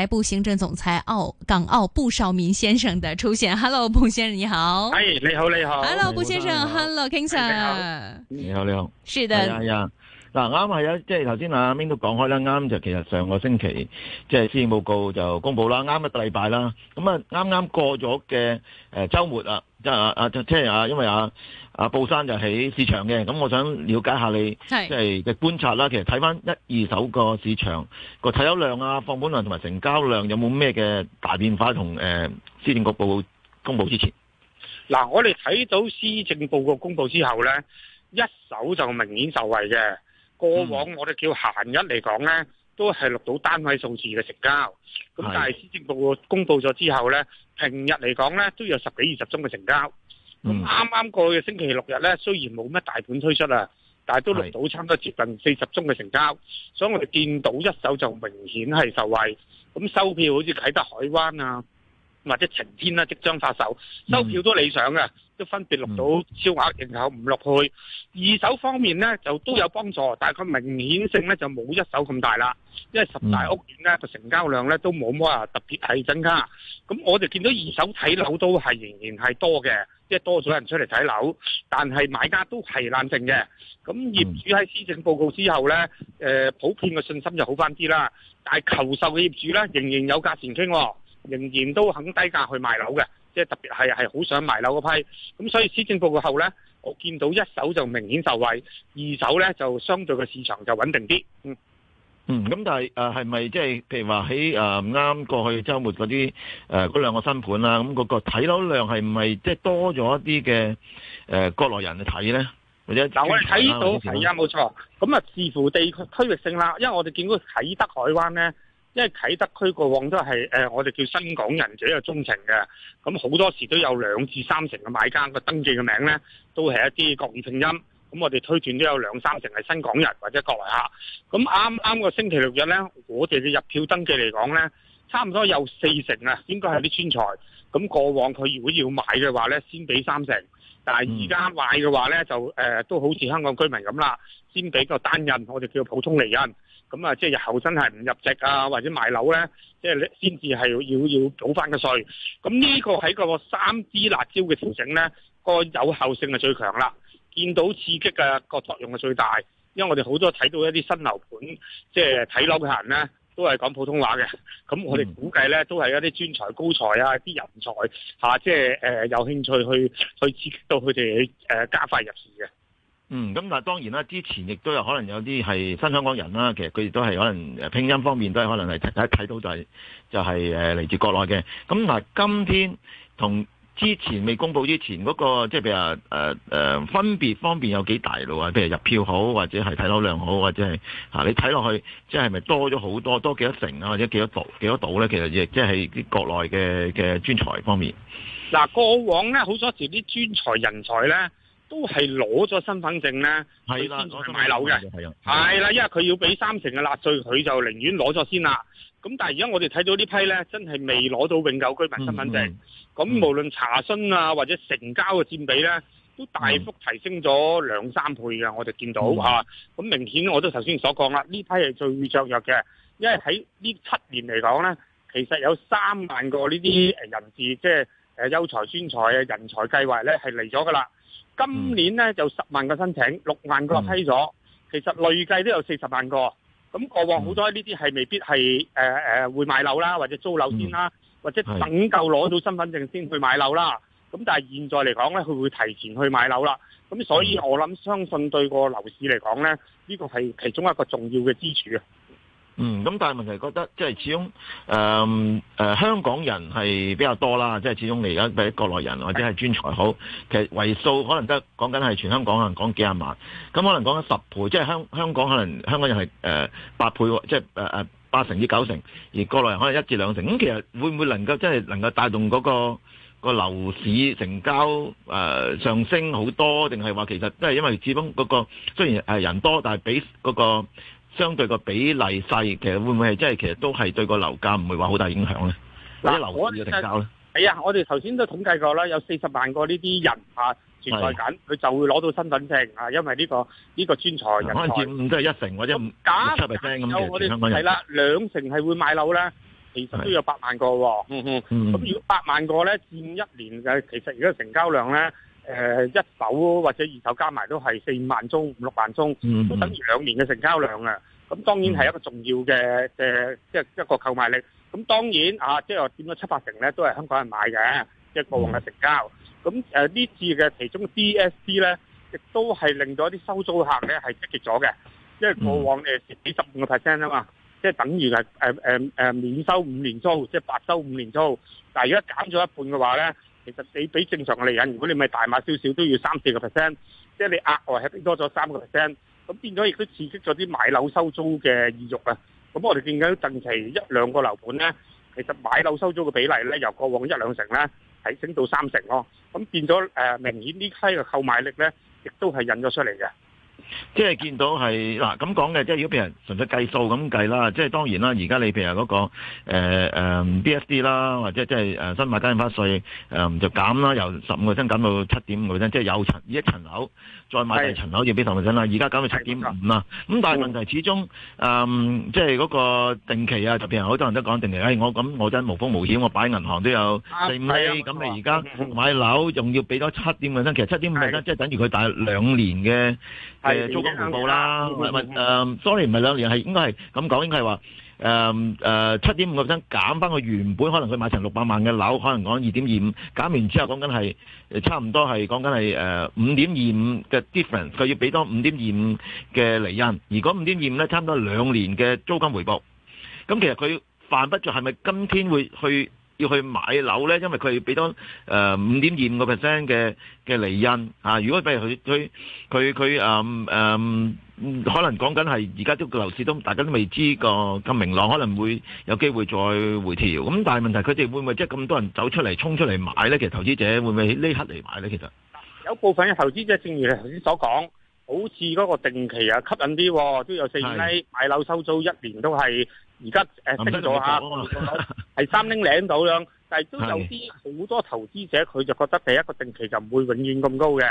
財部行政總裁澳港澳布少明先生的出現，Hello 布先生你好，係你好你好，Hello 布先生，Hello King Sir，你好你好，是的係啊嗱啱係啊，即係頭先阿 Ming 都講開啦，啱就其實上個星期即係施政報告就公佈啦，啱一個禮拜啦，咁啊啱啱過咗嘅誒周末啊，即係啊，阿即係啊，因為啊。啊，布生就喺市場嘅，咁我想了解下你，即係嘅觀察啦。其實睇翻一二手個市場個睇樓量啊、放盤量同埋成交量有冇咩嘅大變化？同、呃、誒，施政報告公佈之前，嗱、啊，我哋睇到施政報告公佈之後咧，一手就明顯受惠嘅。過往我哋叫閒日嚟講咧，都係錄到單位數字嘅成交。咁但係施政報告公佈咗之後咧，平日嚟講咧，都有十幾二十宗嘅成交。咁啱啱過去嘅星期六日咧，雖然冇乜大盤推出啦，但係都錄到差唔多接近四十宗嘅成交，所以我哋見到一手就明顯係受惠，咁收票好似啟德海灣啊，或者晴天啦，即將發售，收票都理想嘅，都分別錄到超額認購唔落去。二手方面咧，就都有幫助，但係佢明顯性咧就冇一手咁大啦，因為十大屋苑咧個成交量咧，都冇乜特別係增加，咁我哋見到二手睇樓都係仍然係多嘅。即係多咗人出嚟睇樓，但係買家都係冷靜嘅。咁業主喺施政報告之後呢，誒普遍嘅信心就好翻啲啦。但係求售嘅業主呢，仍然有價錢傾，哦，仍然都肯低價去賣樓嘅。即係特別係係好想賣樓嗰批。咁所以施政報告後呢，我見到一手就明顯受惠，二手呢就相對嘅市場就穩定啲。嗯。嗯，咁但係誒係咪即係譬如話喺啱過去週末嗰啲誒嗰兩個新盤啦、啊，咁、嗯那個個睇樓量係唔係即係多咗一啲嘅誒國內人去睇咧？或者但我哋睇到係啊，冇、呃、錯。咁啊，視乎地區區域性啦，因為我哋見到啟德海灣咧，因為啟德區過往都係誒、呃、我哋叫新港人者嘅鍾情嘅，咁好多時都有兩至三成嘅買家個登記嘅名咧，都係一啲國語拼音。咁我哋推斷都有兩三成係新港人或者國外客。咁啱啱個星期六日呢，我哋嘅入票登記嚟講呢，差唔多有四成啊，應該係啲專才。咁過往佢如果要買嘅話呢，先俾三成。但係而家買嘅話呢，就誒、呃、都好似香港居民咁啦，先俾個單人，我哋叫普通離人。咁啊，即係日後真係唔入籍啊，或者賣樓呢，即係先至係要要要補翻個稅。咁呢個喺個三枝辣椒嘅調整呢，個有效性係最強啦。見到刺激嘅個作用係最大，因為我哋好多睇到一啲新樓盤，即係睇樓嘅人咧，都係講普通話嘅。咁我哋估計咧，都係一啲專才、高才啊，啲人才即係、啊就係呃、有興趣去去刺激到佢哋、呃、加快入市嘅。嗯，咁但係當然啦，之前亦都有可能有啲係新香港人啦，其實佢哋都係可能拼音方面都係可能係一睇到就係、係、就係誒嚟自國內嘅。咁嗱，今天同。之前未公布之前嗰、那個即係譬如話誒誒分別方面有幾大咯？話譬如入票好，或者係睇樓量好，或者係嚇、啊、你睇落去即係咪多咗好多多幾多成啊，或者幾多度幾多度咧？其實亦即係啲國內嘅嘅專才方面。嗱，過往咧好多時啲專才人才咧，都係攞咗身份證呢，先去買樓嘅，係啦，因為佢要俾三成嘅納稅，佢就寧願攞咗先啦。咁、嗯嗯、但係而家我哋睇到呢批呢，真係未攞到永久居民身份證。咁、嗯嗯、無論查詢啊或者成交嘅佔比呢，都大幅提升咗兩三倍嘅，我哋見到嚇。咁、嗯嗯、明顯我都頭先所講啦，呢批係最著弱嘅，因為喺呢七年嚟講呢，其實有三萬個呢啲誒人士，即係誒優才專才啊人才計劃呢，係嚟咗㗎啦。今年咧就十萬個申請，六萬個批咗、嗯，其實累計都有四十萬個。咁過往好多呢啲係未必係誒誒會買樓啦，或者租樓先啦，或者等夠攞到身份證先去買樓啦。咁但係現在嚟講咧，佢會提前去買樓啦。咁所以我諗、嗯、相信對個樓市嚟講咧，呢個係其中一個重要嘅支柱啊！嗯，咁但係問題覺得即係始終誒誒香港人係比較多啦，即係始終你而家比國內人或者係專才好，其實為數可能得講緊係全香港可能講幾廿萬，咁、嗯、可能講緊十倍，即係香香港可能香港人係誒、呃、八倍即係誒誒八成、至九成，而國內人可能一至兩成。咁、嗯、其實會唔會能夠即係能夠帶動嗰、嗰個、嗰個樓、嗰個、市成交誒、呃、上升好多，定係話其實都係因為始終嗰、嗰個雖然係人多，但係比嗰、嗰個。相對個比例細，其實會唔會係即係，其實都係對個樓價唔會話好大影響咧？或者樓盤要成交咧？係啊，我哋頭先都統計過啦，有四十萬個呢啲人啊存在緊，佢就會攞到身份證啊，因為呢個呢個專才人才，可能佔都係一成或者唔夠。係啦，兩成係會買樓咧，其實都有八萬個喎。嗯嗯，咁如果八萬個咧，佔一年嘅，其實而家成交量咧。誒一手或者二手加埋都係四五萬宗、五六萬宗，都等於兩年嘅成交量啊！咁當然係一個重要嘅誒，即係一個購買力。咁當然啊，即係話佔咗七八成咧，都係香港人買嘅，即係過往嘅成交。咁誒呢次嘅其中 DSD 咧，亦都係令到一啲收租客咧係積極咗嘅，即係過往誒幾十五個 percent 啊嘛，即係等於係誒誒誒免收五年租，即係白收五年租。但係如果減咗一半嘅話咧？其實你比正常嘅利潤，如果你咪大碼少少都要三四個 percent，即係你額外係多咗三個 percent，咁變咗亦都刺激咗啲買樓收租嘅意欲啊！咁我哋見緊近期一兩個樓盤咧，其實買樓收租嘅比例咧，由過往一兩成咧，提升到三成咯。咁變咗誒，明顯呢批嘅購買力咧，亦都係引咗出嚟嘅。即係見到係嗱咁講嘅，即係如果俾人純粹計數咁計啦，即係當然啦。而家你譬如嗰、那個誒誒、呃、B S D 啦，或者即係誒新買家印花稅誒、呃、就減啦，由十五個 percent 減到七點五個 percent，即係有層一層樓再買第二層樓要俾十個 percent 啦，而家減到七點五啦。咁但係問題始終誒、嗯嗯、即係嗰個定期啊，就譬如好多人都講定期，唉、哎、我咁我真無風無險，我擺銀行都有四五個 percent 咁，你而家買樓仲要俾多七點五個 percent，其實七點五個 percent 即係等於佢大兩年嘅。係租金回報啦，唔係唔、誒，sorry 唔係兩年，係應該係咁講，應該係話誒誒七點五個 percent 減翻個原本，可能佢買成六百萬嘅樓，可能講二點二五減完之後，講緊係差唔多係講緊係誒五點二五嘅 difference，佢要俾多五點二五嘅利潤。如果五點二五咧，差唔多兩年嘅租金回報。咁其實佢犯不著係咪今天會去？要去買樓咧，因為佢俾多誒五點二五個 percent 嘅嘅利潤啊。如果譬如佢佢佢佢誒誒，可能講緊係而家都個樓市都大家都未知個咁明朗，可能會有機會再回調。咁但係問題，佢哋會唔會即係咁多人走出嚟衝出嚟買咧？其實投資者會唔會呢刻嚟買咧？其實有部分嘅投資者，正如你頭先所講，好似嗰個定期啊，吸引啲，都有四釐買樓收租一年都係。而家升咗下，係 三零零度樣，但係都有啲好多投資者佢就覺得第一個定期就唔會永遠咁高嘅，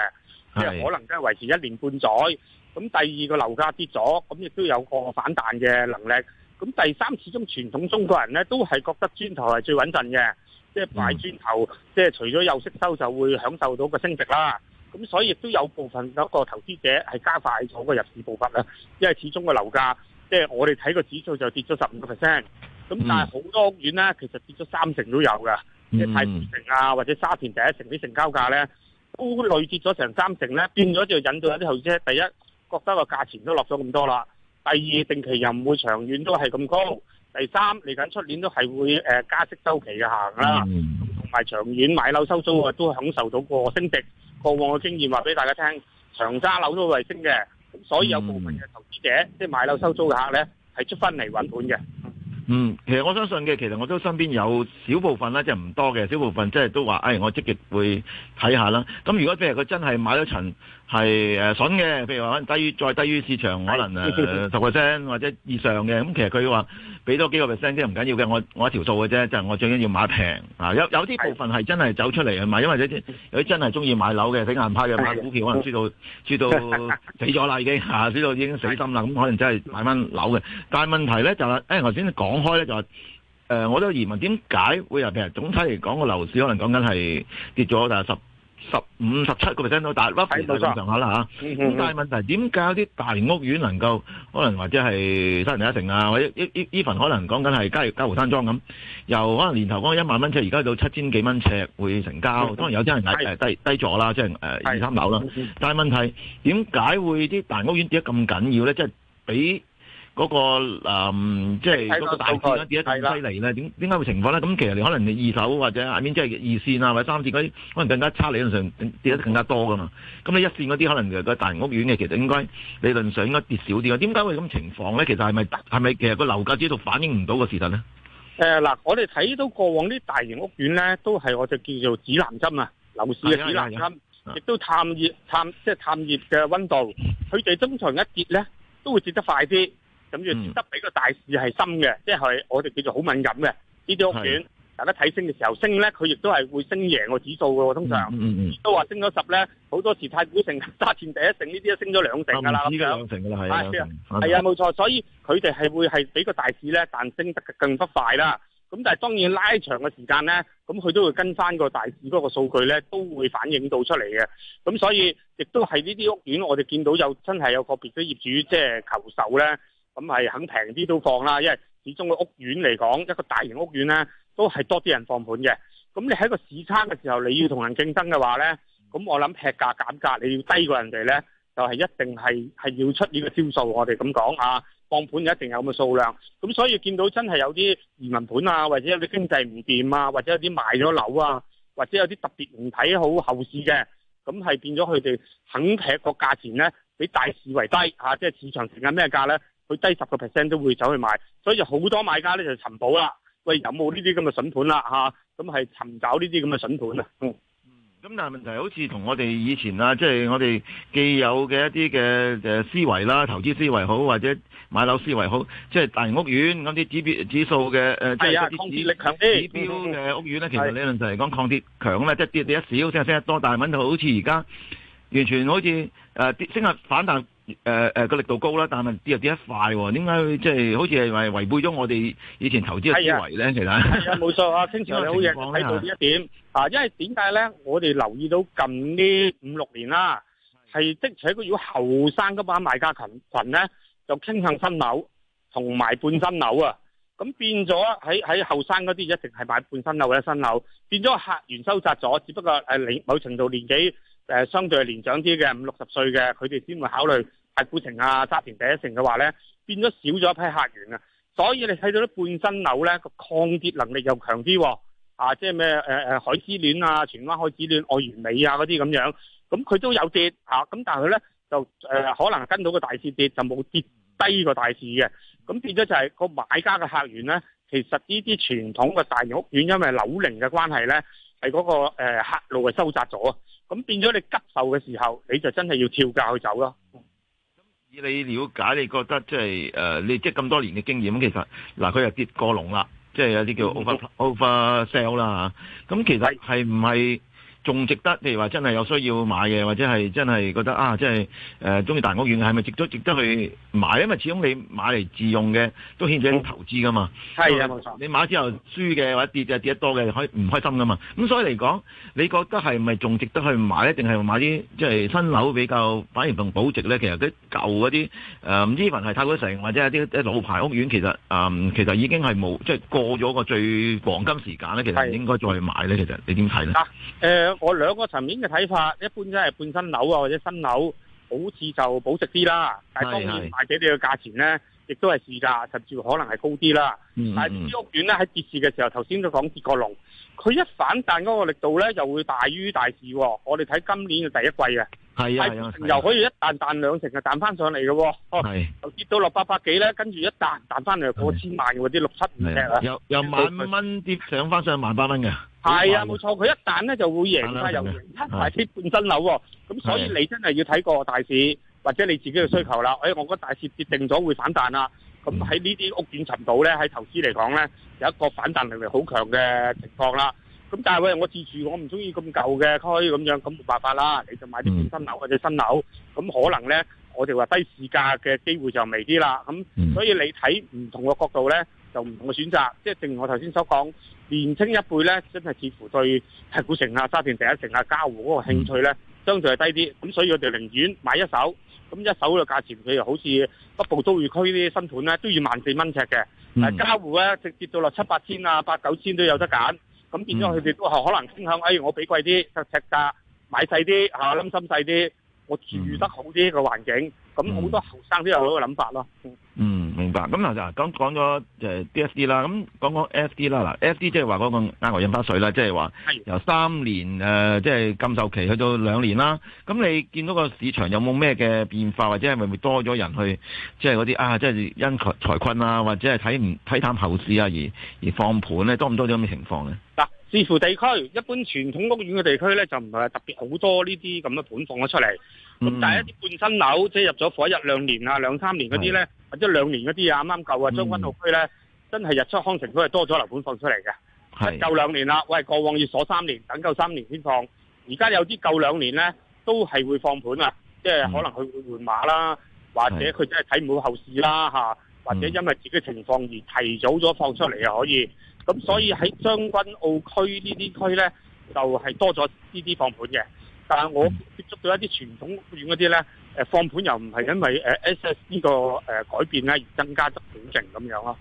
即係、就是、可能都係維持一年半載。咁第二個樓價跌咗，咁亦都有個反彈嘅能力。咁第三始終傳統中國人咧都係覺得磚頭係最穩陣嘅，即、就、係、是、擺磚頭，即、嗯、係、就是、除咗有息收就會享受到個升值啦。咁所以亦都有部分嗰個投資者係加快咗個入市步伐啦，因為始終個樓價。即係我哋睇個指數就跌咗十五個 percent，咁但係好多屋苑咧，其實跌咗三成都有㗎。即係太古城啊，或者沙田第一城啲成交價咧，都累跌咗成三成咧，變咗就引到一啲投資者，第一覺得個價錢都落咗咁多啦，第二定期又唔會長遠都係咁高，第三嚟緊出年都係會誒加息周期嘅行啦，同、嗯、埋長遠買樓收租啊都享受到個升值，過往嘅經驗話俾大家聽，長揸樓都會係升嘅。所以有部分嘅投資者，嗯、即係買樓收租嘅客呢，係出翻嚟揾本嘅。嗯，其實我相信嘅，其實我都身邊有少部分咧，即係唔多嘅，少部分即係都話，誒、哎，我積極會睇下啦。咁如果譬如佢真係買咗層。係誒筍嘅，譬如話可能低於再低於市場可能誒十個 percent 或者以上嘅，咁 其實佢話俾多幾個 percent 都唔緊要嘅，我我一條數嘅啫，就係、是、我最緊要，要買平啊！有有啲部分係真係走出嚟係嘛，因為啲有啲真係中意買樓嘅睇硬派嘅買股票，可能輸到輸到，輸到死咗啦已經嚇、啊，輸到已經死心啦，咁 可能真係買翻樓嘅。但係問題咧就係、是，誒頭先講開咧就係誒、呃、我都疑問點解會入平？如總體嚟講個樓市可能講緊係跌咗啊十。十五十七個 percent 都大，屈唔係咁上下啦嚇。咁但係問題點解啲大型屋苑能夠可能或者係沙田第一城啊，或者 even 可能講緊係嘉嘉湖山莊咁，由可能年頭講一萬蚊尺，而家到七千幾蚊尺會成交。當然有啲人睇低低咗啦，即係誒二三樓啦。但係問題點解會啲大型屋苑跌得咁緊要咧？即係俾。嗰、那個、嗯、即係嗰個，那個大市咧跌得咁犀利咧，點點解會情況咧？咁其實你可能二手或者下面即係二線啊，或者三線嗰啲可能更加差，理論上跌得更加多㗎嘛。咁你一線嗰啲可能誒個大型屋苑嘅，其實應該理論上應該跌少啲。點解會咁情況咧？其實係咪係咪其實個樓價只係度反映唔到個事實咧？誒、呃、嗱，我哋睇到過往啲大型屋苑咧，都係我就叫做指南針啊，樓市嘅指南針，亦都探熱、啊、探即係探熱嘅温度。佢哋中途一跌咧，都會跌得快啲。咁要得比個大市係深嘅，即係我哋叫做好敏感嘅呢啲屋苑。大家睇升嘅時候升咧，佢亦都係會升贏個指數嘅喎。通常都話嗯嗯嗯升咗十咧，好多時太古城、沙田第一城呢啲都升咗兩成噶啦，咁兩成噶啦，係啊，係啊，冇錯。所以佢哋係會係比個大市咧但升得更不快啦。咁但係當然拉長嘅時間咧，咁佢都會跟翻個大市嗰個數據咧都會反映到出嚟嘅。咁所以亦都係呢啲屋苑，我哋見到有真係有個別嘅業主即係求售咧。咁係肯平啲都放啦，因為始終個屋苑嚟講，一個大型屋苑咧，都係多啲人放盤嘅。咁你喺個市差嘅時候，你要同人競爭嘅話咧，咁我諗劈價減價，你要低過人哋咧，就係、是、一定係係要出呢個招數。我哋咁講啊，放盤一定有咁嘅數量。咁所以見到真係有啲移民盤啊，或者有啲經濟唔掂啊，或者有啲賣咗樓啊，或者有啲特別唔睇好後市嘅，咁係變咗佢哋肯劈個價錢咧，比大市為低嚇，即、啊、係、就是、市場成交咩價咧？佢低十個 percent 都會走去買，所以就好多買家咧就尋寶啦。喂，有冇呢啲咁嘅筍盤啦？嚇、啊，咁係尋找呢啲咁嘅筍盤啊。嗯。咁但係問題係，好似同我哋以前啊，即、就、係、是、我哋既有嘅一啲嘅誒思維啦，投資思維好，或者買樓思維好，即、就、係、是、大型屋苑咁啲指標、呃就是、指數嘅即係啊，抗跌力強啲。係啊。指標嘅屋苑咧、嗯，其實理論上嚟講，抗跌強咧，即係跌跌一少，升升得多。但係問題好似而家完全好似誒跌升啊，反彈。誒誒個力度高啦，但係啲又跌得快喎。點解即係好似係違背咗我哋以前投資嘅思維咧？其實係啊，冇錯啊，清楚有冇人睇到呢一點啊？因為點解咧？我哋留意到近呢五六年啦，係即且佢如果後生嗰班買家群群咧，就傾向新樓同埋半新樓啊。咁變咗喺喺後生嗰啲一定係買半新樓或者新樓，變咗客源收窄咗。只不過誒年某程度年紀誒相對係年長啲嘅五六十歲嘅，佢哋先會考慮。太古城啊，沙田第一城嘅話咧，變咗少咗一批客源啊，所以你睇到啲半新樓咧，個抗跌能力又強啲，啊，啊，即係咩誒誒海之戀啊，荃灣海之戀、愛炫美啊嗰啲咁樣，咁佢都有跌吓，咁，啊、但係佢咧就誒、呃、可能跟到個大市跌，就冇跌低個大市嘅，咁變咗就係個買家嘅客源咧，其實呢啲傳統嘅大型屋苑，因為樓齡嘅關係咧，係嗰，那個誒客、呃、路係收窄咗，啊。咁變咗你急售嘅時候，你就真係要跳價去走咯。以你了解，你覺得即係誒，你即係咁多年嘅經驗咁，其實嗱，佢又跌過籠啦，即係有啲叫 over over sell 啦吓，咁其實係唔係？仲值得，譬如話真係有需要買嘅，或者係真係覺得啊，真係誒中意大屋苑，係咪值得值得去買呢？因為始終你買嚟自用嘅，都牽住啲投資噶嘛。係、嗯、啊，冇錯。你買之後輸嘅、嗯、或者跌就跌得多嘅，開唔開心噶嘛？咁、嗯、所以嚟講，你覺得係咪仲值得去買咧？定係買啲即係新樓比較反而同保值咧？其實啲舊嗰啲誒，唔知份係太古城或者一啲老牌屋苑，其實誒、呃、其實已經係冇即係過咗個最黃金時間咧。其實唔應該再去買咧。其實你點睇咧？誒、啊。呃我兩個層面嘅睇法，一般都係半新樓啊，或者新樓，好似就保值啲啦。但係當然賣俾你個價錢咧，亦都係市價甚至乎可能係高啲啦、嗯。但係啲屋苑咧喺跌市嘅時候，頭先都講跌過龍，佢一反彈嗰個力度咧，又會大於大市。我哋睇今年嘅第一季嘅，係啊,啊,啊,啊,啊,啊，又可以一彈彈兩成啊，彈翻上嚟嘅。哦，跌到六八百幾咧，跟住一彈彈翻嚟過千萬嗰啲六七五尺啊，由由、啊、萬蚊跌上翻上萬八蚊嘅。係啊，冇錯，佢一旦咧就會贏啦，又贏，一大市貼半新樓，咁所以你真係要睇個大市或者你自己嘅需求啦。誒，我覺得大市跌定咗會反彈啦，咁喺呢啲屋苑尋寶咧，喺投資嚟講咧，有一個反彈能力好強嘅情況啦。咁但係喂，我自住我唔中意咁舊嘅區咁樣，咁冇辦法啦，你就買啲半新樓或者新樓，咁可能咧我哋話低市價嘅機會就微啲啦。咁所以你睇唔同嘅角度咧就唔同嘅選擇，即係正如我頭先所講。年青一輩咧，真係似乎對係古城啊、沙田第一城啊、嘉湖嗰個興趣咧，相對係低啲。咁所以我哋寧願買一手，咁一手嘅價價錢，又好似北部都會區啲新款咧，都要萬四蚊尺嘅。但、嗯、嘉、啊、湖咧，直接到落七八千啊、八九千都有得揀。咁變咗佢哋都、嗯、可能傾向，哎，我俾貴啲，就尺價買細啲，嚇諗心細啲，我住得好啲嘅環境。咁、嗯、好多後生都有嗰嘅諗法咯、嗯。嗯，明白。咁嗱就講、是、講咗誒 D.S.D 啦，咁講講 F.D 啦。嗱，F.D 即係話嗰個額外印花稅啦，即係話由三年即係、呃就是、禁售期去到兩年啦。咁你見到個市場有冇咩嘅變化，或者係咪會多咗人去，即係嗰啲啊，即、就、係、是、因財困啊，或者係睇唔睇淡後市啊，而而放盤咧，多唔多啲咁嘅情況咧？嗱，視乎地區，一般傳統屋苑嘅地區咧，就唔係特別好多呢啲咁嘅盤放咗出嚟。咁但係一啲半新樓，即、就、係、是、入咗貨一兩年啊、兩三年嗰啲咧，或者兩年嗰啲啊啱啱夠啊，將、嗯、軍澳區咧，真係日出康城區係多咗樓盤放出嚟嘅，夠兩年啦，喂，過往要鎖三年，等夠三年先放，而家有啲夠兩年咧，都係會放盤啊、嗯，即係可能佢會換馬啦，或者佢真係睇唔到後市啦嚇，或者因為自己嘅情況而提早咗放出嚟又可以，咁所以喺將軍澳區,區呢啲區咧，就係、是、多咗呢啲放盤嘅。但係我接觸到一啲傳統屋苑嗰啲咧，誒放盤又唔係因為誒 S S 呢個誒改變咧而增加咗好勁咁樣咯。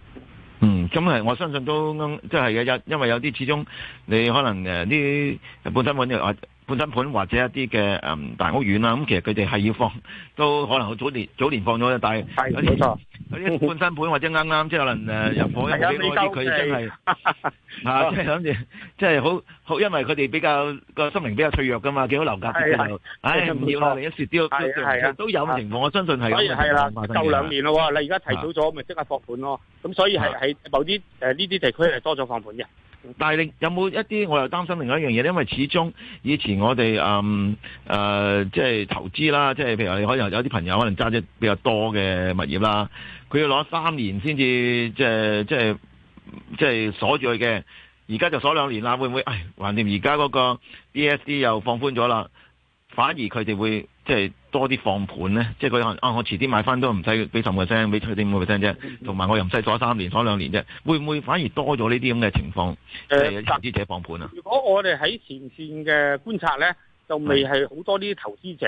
嗯，咁係我相信都，即係嘅，有因為有啲始終你可能誒啲、呃、本身揾嘢啊。呃半新盤或者一啲嘅誒大屋苑啦、啊，咁、嗯、其實佢哋係要放，都可能早年早年放咗嘅，但係有啲半新盤 或者啱啱即係可能誒、呃、入夥有多啲，佢、嗯嗯、真係嚇，即係諗住，即、嗯、係、嗯、好好，因為佢哋比較個心靈比較脆弱㗎嘛，幾好樓價啲嘅，唉唔、嗯哎、要啦，一有時啲有啲其實都有嘅情況，我相信係，所以係啦，夠兩年咯喎，你而家提早咗，咪即刻放盤咯，咁所以係係某啲誒呢啲地區係多咗放盤嘅。但係你有冇一啲，我又擔心另外一樣嘢咧？因為始終以前我哋嗯誒即係投資啦，即係譬如可能有啲朋友可能揸住比較多嘅物業啦，佢要攞三年先至即係即係即係鎖住佢嘅，而家就鎖兩年啦，會唔會，唉橫掂而家個個 BSD 又放寬咗啦，反而佢哋會。即係多啲放盤咧，即係佢啊，我遲啲買翻都唔使俾十個 percent，俾最低五個 percent 啫。同埋我又唔使鎖三年，鎖兩年啫。會唔會反而多咗呢啲咁嘅情況？係、呃、投資者放盤啊。如果我哋喺前線嘅觀察咧，就未係好多呢啲投資者，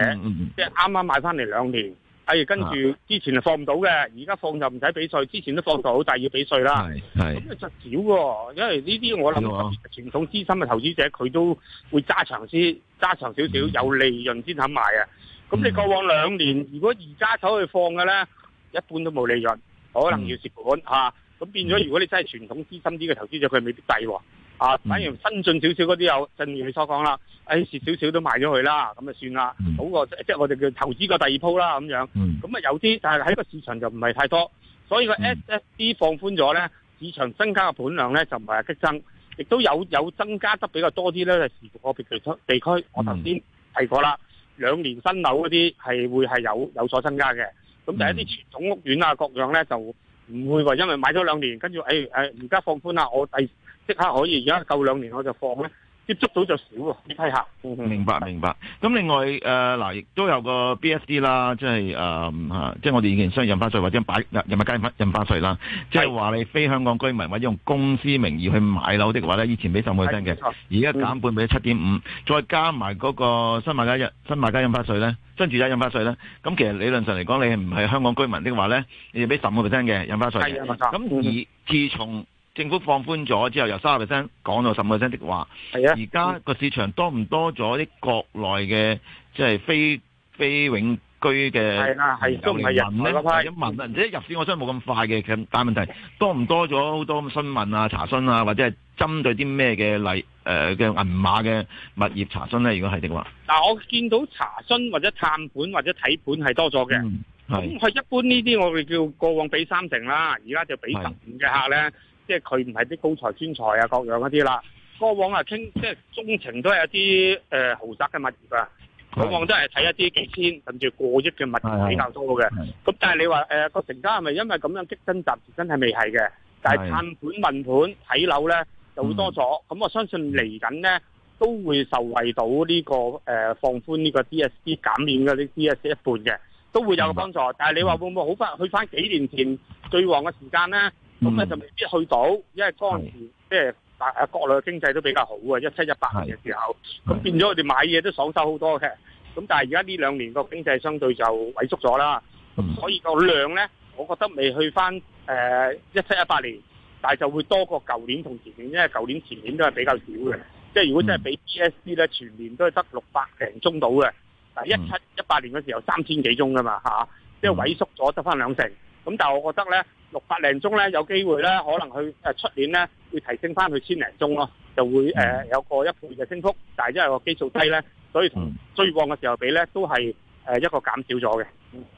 即係啱啱買翻嚟兩年嗯嗯嗯，哎，跟住之前係放唔到嘅，而家放就唔使俾稅，之前都放到，但係要俾稅啦。係，係咁就實少喎，因為呢啲我諗傳統資深嘅投資者佢都會揸長啲，揸長少少有利潤先肯買啊。咁、嗯、你過往兩年、嗯，如果而家走去放嘅咧，一般都冇利潤，可能要蝕本嚇。咁、嗯啊、變咗，如果你真係傳統資深啲嘅投資者，佢未必滯喎、啊。啊、嗯，反而新進少少嗰啲，又正如你所講啦，誒、哎、蝕少少都賣咗佢啦，咁就算啦、嗯，好過即係我哋叫投資個第二鋪啦咁樣。咁、嗯、啊有啲，但係喺個市場就唔係太多，所以個 SSD 放寬咗咧，市場增加嘅盤量咧就唔係激增，亦都有有增加得比較多啲咧，就視乎個別地區。地區我頭先提過啦。嗯嗯兩年新樓嗰啲係會係有有所增加嘅，咁但係一啲傳統屋苑啊各樣咧就唔會話，因為買咗兩年，跟住誒誒，而家放寬啦，我第即刻可以而家夠兩年我就放咧。捉到就少喎，啲批客、嗯。明白明白。咁另外誒嗱，亦、呃、都有個 B S D 啦、呃，即係誒嚇，即係我哋以前商印花稅或者買，買家印，印花稅啦。即係話你非香港居民或者用公司名義去買樓的話咧，以前俾十五個 percent 嘅，而家減半俾七點五，再加埋嗰個新買家一新買家印花稅咧，新住宅印花稅咧。咁其實理論上嚟講，你唔係香港居民的話咧，你就俾十五個 percent 嘅印花稅。係啊，冇錯。咁而自從、嗯嗯政府放寬咗之後，由三十 percent 講到十五 percent 的話，係啊！而家個市場多唔多咗啲國內嘅，即、就、係、是、非非永居嘅，係啊，係都唔係人咧，而家問啊，而且入市我真係冇咁快嘅，但係問題多唔多咗好多詢問啊、查詢啊，或者係針對啲咩嘅例誒嘅銀碼嘅物業查詢咧？如果係的話，嗱、啊，我見到查詢或者探盤或者睇盤係多咗嘅，咁、嗯、係一般呢啲我哋叫過往俾三成啦，而家就俾十五嘅客咧。嗯即係佢唔係啲高才專才啊，各樣嗰啲啦。過往係傾，即係中情都係一啲誒、呃、豪宅嘅物業啊。過往都係睇一啲幾千甚至過億嘅物業比較多嘅。咁但係你話誒個成交係咪因為咁樣激增？暫時，真係未係嘅。但係探盤問盤睇樓咧就會多咗。咁我相信嚟緊咧都會受惠到呢、這個誒、呃、放寬呢個 DSB 減免嘅呢 DS 一半嘅，都會有幫助。但係你話會唔會好翻去翻幾年前最旺嘅時間咧？咁、嗯、咧就未必去到，因為當時即係大啊國內嘅經濟都比較好啊，一七一八年嘅時候，咁變咗我哋買嘢都爽收好多嘅。咁但係而家呢兩年個經濟相對就萎縮咗啦，咁、嗯、所以個量咧，我覺得未去翻誒一七一八年，但係就會多過舊年同前年，因為舊年前年都係比較少嘅、嗯。即係如果真係比 BSD 咧，全年都係得六百零宗到嘅。嗱一七一八年嘅時候三千幾宗㗎嘛、啊、即係萎縮咗得翻兩成。咁但我覺得咧。六百零宗咧，有機會咧，可能去誒出年咧，會提升翻去千零宗咯，就會誒、呃、有過一倍嘅升幅，但係因為個基數低咧，所以同追旺嘅時候比咧，都係誒一個減少咗嘅。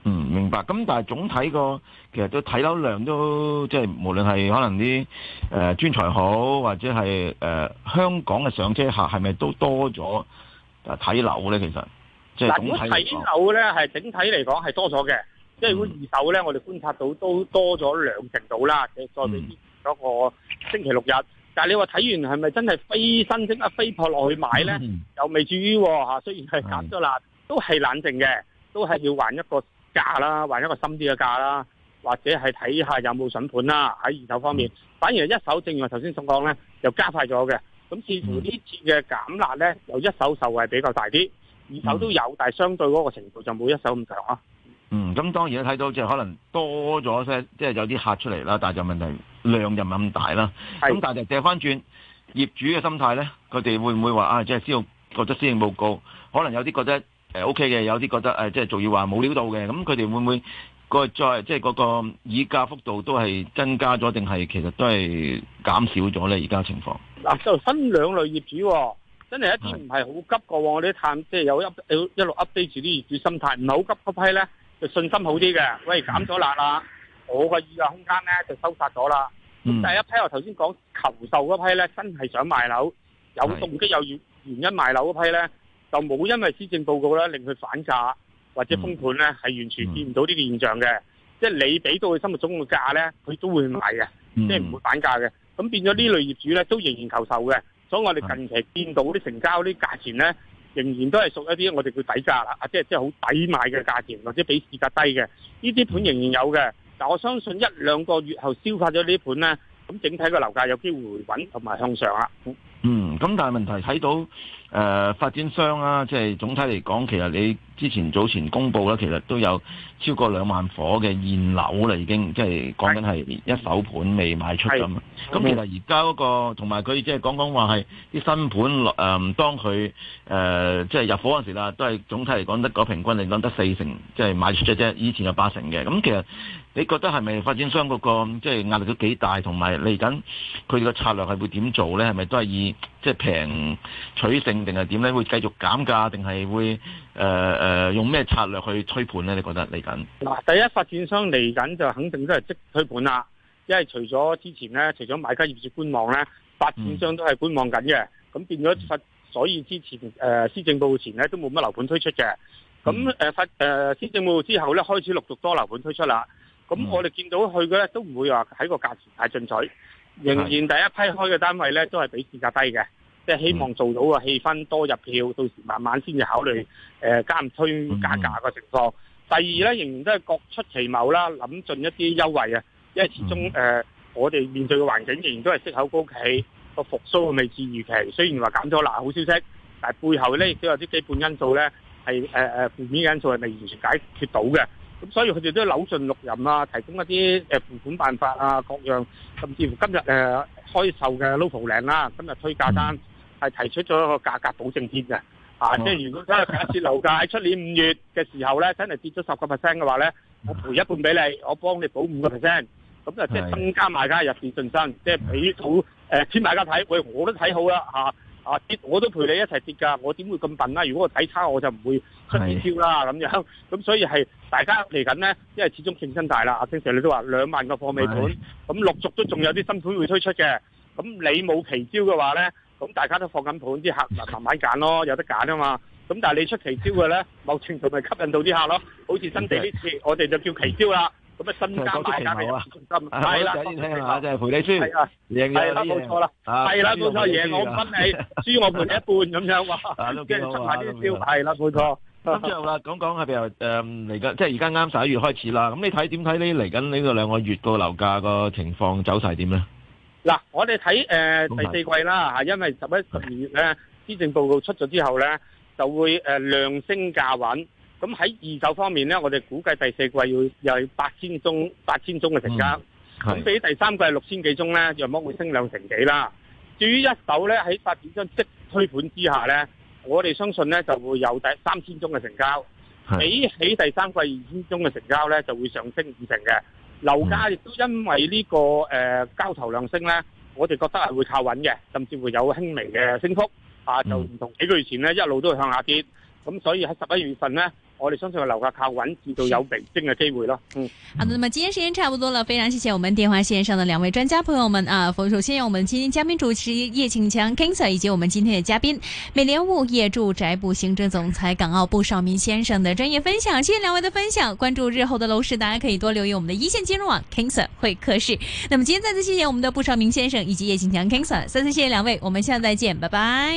嗯，明白。咁但係總體個其實都睇樓量都即係無論係可能啲誒專才好，或者係誒、呃、香港嘅上車客，係咪都多咗睇樓咧？其實，嗱，如果睇樓咧係整體嚟講係多咗嘅。即係如果二手咧，我哋觀察到都多咗兩成度啦。其實再比之前個星期六日，但你話睇完係咪真係飛升即飛撲落去買咧、嗯？又未至於喎雖雖然係減咗辣，都係冷靜嘅，都係要還一個價啦，還一個深啲嘅價啦，或者係睇下有冇筍盤啦。喺二手方面，反而一手正如我頭先所講咧，又加快咗嘅。咁似乎呢次嘅減辣咧，由一手受惠比較大啲、嗯，二手都有，但係相對嗰個程度就冇一手咁強。嗯，咁當然睇到即係可能多咗即係有啲客出嚟啦，但係就問題量就唔係咁大啦。咁但係借翻轉業主嘅心態咧，佢哋會唔會話啊？即係先用覺得施政報告，可能有啲覺得 O K 嘅，有啲覺得、呃、即係仲要話冇料到嘅，咁佢哋會唔會再即係嗰個議價幅度都係增加咗，定係其實都係減少咗咧？而家情況嗱、啊，就分兩類業主、哦，真係一啲唔係好急個喎、哦，我哋探即係有一一路 update 住啲業主心態，唔係好急嗰批咧。就信心好啲嘅，喂，減咗辣啦，我個議價空間咧就收窄咗啦。咁第一批我頭先講求售嗰批咧，真係想賣樓，有動機，有原原因賣樓嗰批咧，就冇因為施政報告咧令佢反價或者封盤咧，係完全見唔到呢個現象嘅。即係你俾到佢心目中個價咧，佢都會買嘅，即係唔會反價嘅。咁變咗呢類業主咧，都仍然求售嘅。所以我哋近期見到啲成交啲價錢咧。仍然都係屬一啲我哋叫底價啦，啊，即係即係好抵買嘅價錢，或者比市價低嘅，呢啲盤仍然有嘅。但我相信一兩個月後消化咗呢啲盤咧。咁整體個樓價有機會回穩同埋向上啊！嗯，咁但係問題睇到誒、呃、發展商啊，即係總體嚟講，其實你之前早前公布咧，其實都有超過兩萬火嘅現樓啦，已經即係講緊係一手盤未賣出，咁咁其實而家嗰個同埋佢即係講講話係啲新盤落當當佢誒即係入伙嗰時啦，都係總體嚟講得個平均嚟講得四成，即、就、係、是、賣出啫啫。以前有八成嘅，咁其實。你覺得係咪發展商嗰、那個即係、就是、壓力都幾大，同埋嚟緊佢個策略係會點做咧？係咪都係以即係、就是、平取勝定係點咧？會繼續減價定係會誒、呃呃、用咩策略去推盤咧？你覺得嚟緊？嗱，第一發展商嚟緊就肯定都係即推盤啦，因為除咗之前咧，除咗買家業主觀望咧，發展商都係觀望緊嘅。咁、嗯、變咗發，所以之前誒施、呃、政報告前咧都冇乜樓盤推出嘅。咁誒發施政報告之後咧開始陸續多樓盤推出啦。咁我哋見到去嘅咧，都唔會話喺個價錢太進取，仍然第一批開嘅單位咧，都係比市價低嘅，即係希望做到個氣氛多入票，到時慢慢先至考慮誒加推加價嘅情況。第二咧，仍然都係各出奇謀啦，諗盡一啲優惠啊！因為始終誒我哋面對嘅環境仍然都係息口高企，個復甦係未至預期。雖然話減咗喇，好消息，但係背後咧都有啲基本因素咧係誒誒負面嘅因素係未完全解決到嘅。咁、嗯、所以佢哋都扭盡六壬啊，提供一啲誒付款辦法啊，各樣，甚至乎今日誒、呃、開售嘅 Low Floor 領啦、啊，今日推價單係提出咗一個價格保證貼嘅，啊，即、啊、係、啊呃、如果真係假設樓價喺出年五月嘅時候咧，真係跌咗十個 percent 嘅話咧，我賠一半俾你，我幫你補五個 percent，咁啊、嗯、就即係增加買家入邊信心，即係俾好誒千買家睇，喂我都睇好啦嚇。啊啊，跌我都陪你一齊跌噶，我點會咁笨啦？如果我底差，我就唔會出支招啦咁樣。咁、嗯、所以係大家嚟緊咧，因為始終競爭大啦。阿、啊、星成 i 你都話兩萬個貨尾盤，咁、嗯、陸續都仲有啲新盤會推出嘅。咁、嗯、你冇奇招嘅話咧，咁、嗯、大家都放緊盤，啲 客嗱慢晚揀咯，有得揀啊嘛。咁但係你出奇招嘅咧，某程度咪吸引到啲客咯。好似新地呢次， 我哋就叫奇招啦。乜新監出嚟啊！係啦，講先聽下，就係賠你輸，贏嘅冇錯啦，係啦，冇錯，贏我分你，輸我賠你一半咁樣喎。跟住出下啲招，係啦，冇錯。咁之後啦，講講係譬如誒嚟緊，即係而家啱十一月開始啦。咁你睇點睇呢？嚟緊呢個兩個月個樓價個情況走勢點咧？嗱，我哋睇誒第四季啦，係因為十一、十二月咧，施政報告出咗之後咧，就會誒量升價穩。咁喺二手方面咧，我哋估計第四季要又係八千宗八千宗嘅成交，咁、嗯、比起第三季六千幾宗咧，就可能會升兩成幾啦。至於一手咧，喺發展商積推盤之下咧，我哋相信咧就會有第三千宗嘅成交，比起第三季二千宗嘅成交咧，就會上升五成嘅樓價，亦都因為呢、這個誒、嗯呃、交投量升咧，我哋覺得係會靠穩嘅，甚至乎有輕微嘅升幅啊，就唔同幾個月前咧一路都會向下跌，咁、嗯、所以喺十一月份咧。我哋相信個樓價靠穩至到有微升嘅機會咯。嗯，好的，那麼今天時間差不多了，非常謝謝我們電話線上的兩位專家朋友們啊。首、呃、先由我們今天嘉賓主持葉慶強 King Sir，以及我們今天的嘉賓美聯物業住宅部行政總裁港澳布少明先生的專業分享。謝謝兩位的分享，關注日後的樓市，大家可以多留意我們的一線金融網 King Sir 會客室。那麼今天再次謝謝我們的布少明先生以及葉慶強 King Sir，再次謝謝兩位，我們下次再見，拜拜。